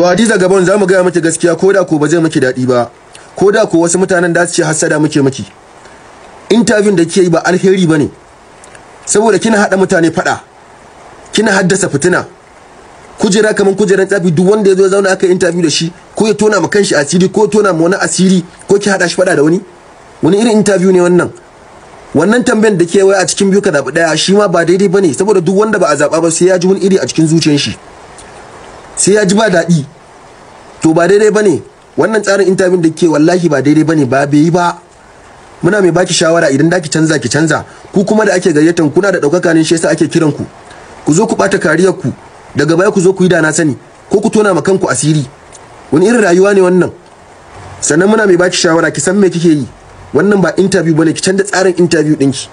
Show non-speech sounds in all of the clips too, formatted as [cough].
To Hadiza gaban za mu gaya miki gaskiya ko da ko ba zai miki daɗi ba. Ko da ko wasu mutanen da su ce hassada muke miki. Interview da kike yi ba alheri ba ne. Saboda kina haɗa mutane fada Kina haddasa fitina. Kujera kamar kujeran tsafi duk wanda ya zo zauna aka interview da shi ko ya tona ma kanshi asiri ko tona ma wani asiri ko ki haɗa shi faɗa da wani. Wani irin interview ne wannan? wannan tambayan da ke wai a cikin biyu ka zaɓi ɗaya shi ma ba daidai ba ne saboda duk wanda ba a zaɓa ba sai ya ji wani iri a cikin zuciyar shi. sai ya ji ba daɗi to ba daidai ba ne wannan tsarin intabin da ke wallahi ba daidai ba ne ba bai yi ba muna mai baki shawara idan da ki canza ki canza ku kuma da ake gayyatan kuna da ɗaukaka ne shi yasa ake kiran ku ku zo ku ɓata kariyar ku daga baya ku zo ku yi da na sani ko ku tona ma kanku asiri wani irin rayuwa ne wannan sannan muna mai baki shawara ki san me kike yi wannan ba interview bane ki canza tsarin interview ɗinki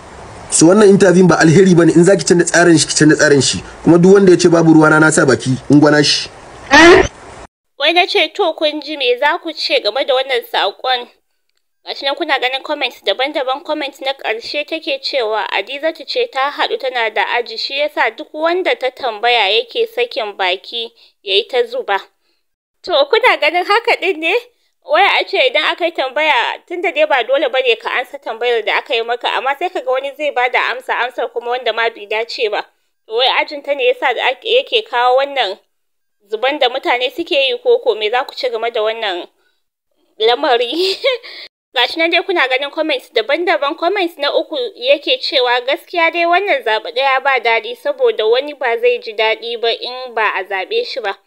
su wannan interview ba alheri bane in zaki canza tsarin shi ki canza tsarin shi kuma duk wanda ya ce babu ruwana na sa baki in gwana shi wai na ce to kun ji me za ku ce game da wannan saƙon gashi nan kuna ganin comments daban-daban comments na ƙarshe take cewa Adizatu ce ta haɗu tana da aji shi yasa duk wanda ta tambaya yake sakin baki yayi ta zuba to kuna ganin haka din ne wai a ce idan aka yi tambaya tunda dai ba dole ba ne ka ansa tambayar da aka yi maka amma sai kaga wani zai bada amsa amsar kuma wanda ma bai dace ba wai ajin ta ne yasa da yake kawo wannan zuban da mutane suke yi koko me za ku ci game da wannan lamari [laughs] gashi nan dai kuna ganin comments daban-daban comments na uku yake cewa gaskiya dai wannan zaɓe ɗaya ba daɗi saboda wani ba zai ji daɗi ba in ba a zaɓe shi ba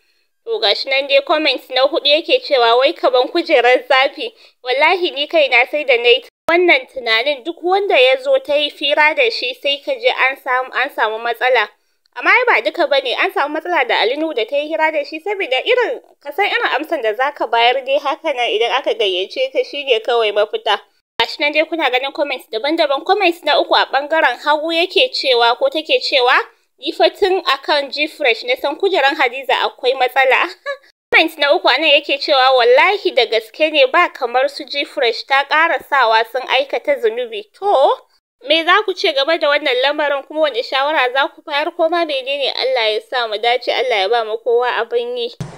To gashi nan dai comment na hudu yake cewa wai kaban kujerar zafi. Wallahi ni kai na sai da nayi wannan tunanin duk wanda ya zo ta yi fira da shi sai kaje an samu an samu matsala. Amma ba duka bane an samu matsala da Alinu da ta yi hira da shi saboda irin ka san irin amsan da zaka bayar dai haka nan idan aka gayyace ka shine kawai mafita. Gashi nan dai kuna ganin comments daban-daban comments na uku a bangaren hagu yake cewa ko take cewa Ni fa tun akan Gfresh na san kujeran Hadiza akwai matsala. [laughs] Comment na uku anan yake cewa wallahi da gaske ne ba kamar su Gfresh ta ƙara sawa sun aikata zunubi. To, me za ku ce game da wannan lamarin kuma wani shawara za ku bayar ko ma menene Allah ya sa mu dace Allah ya ba mu kowa abin yi.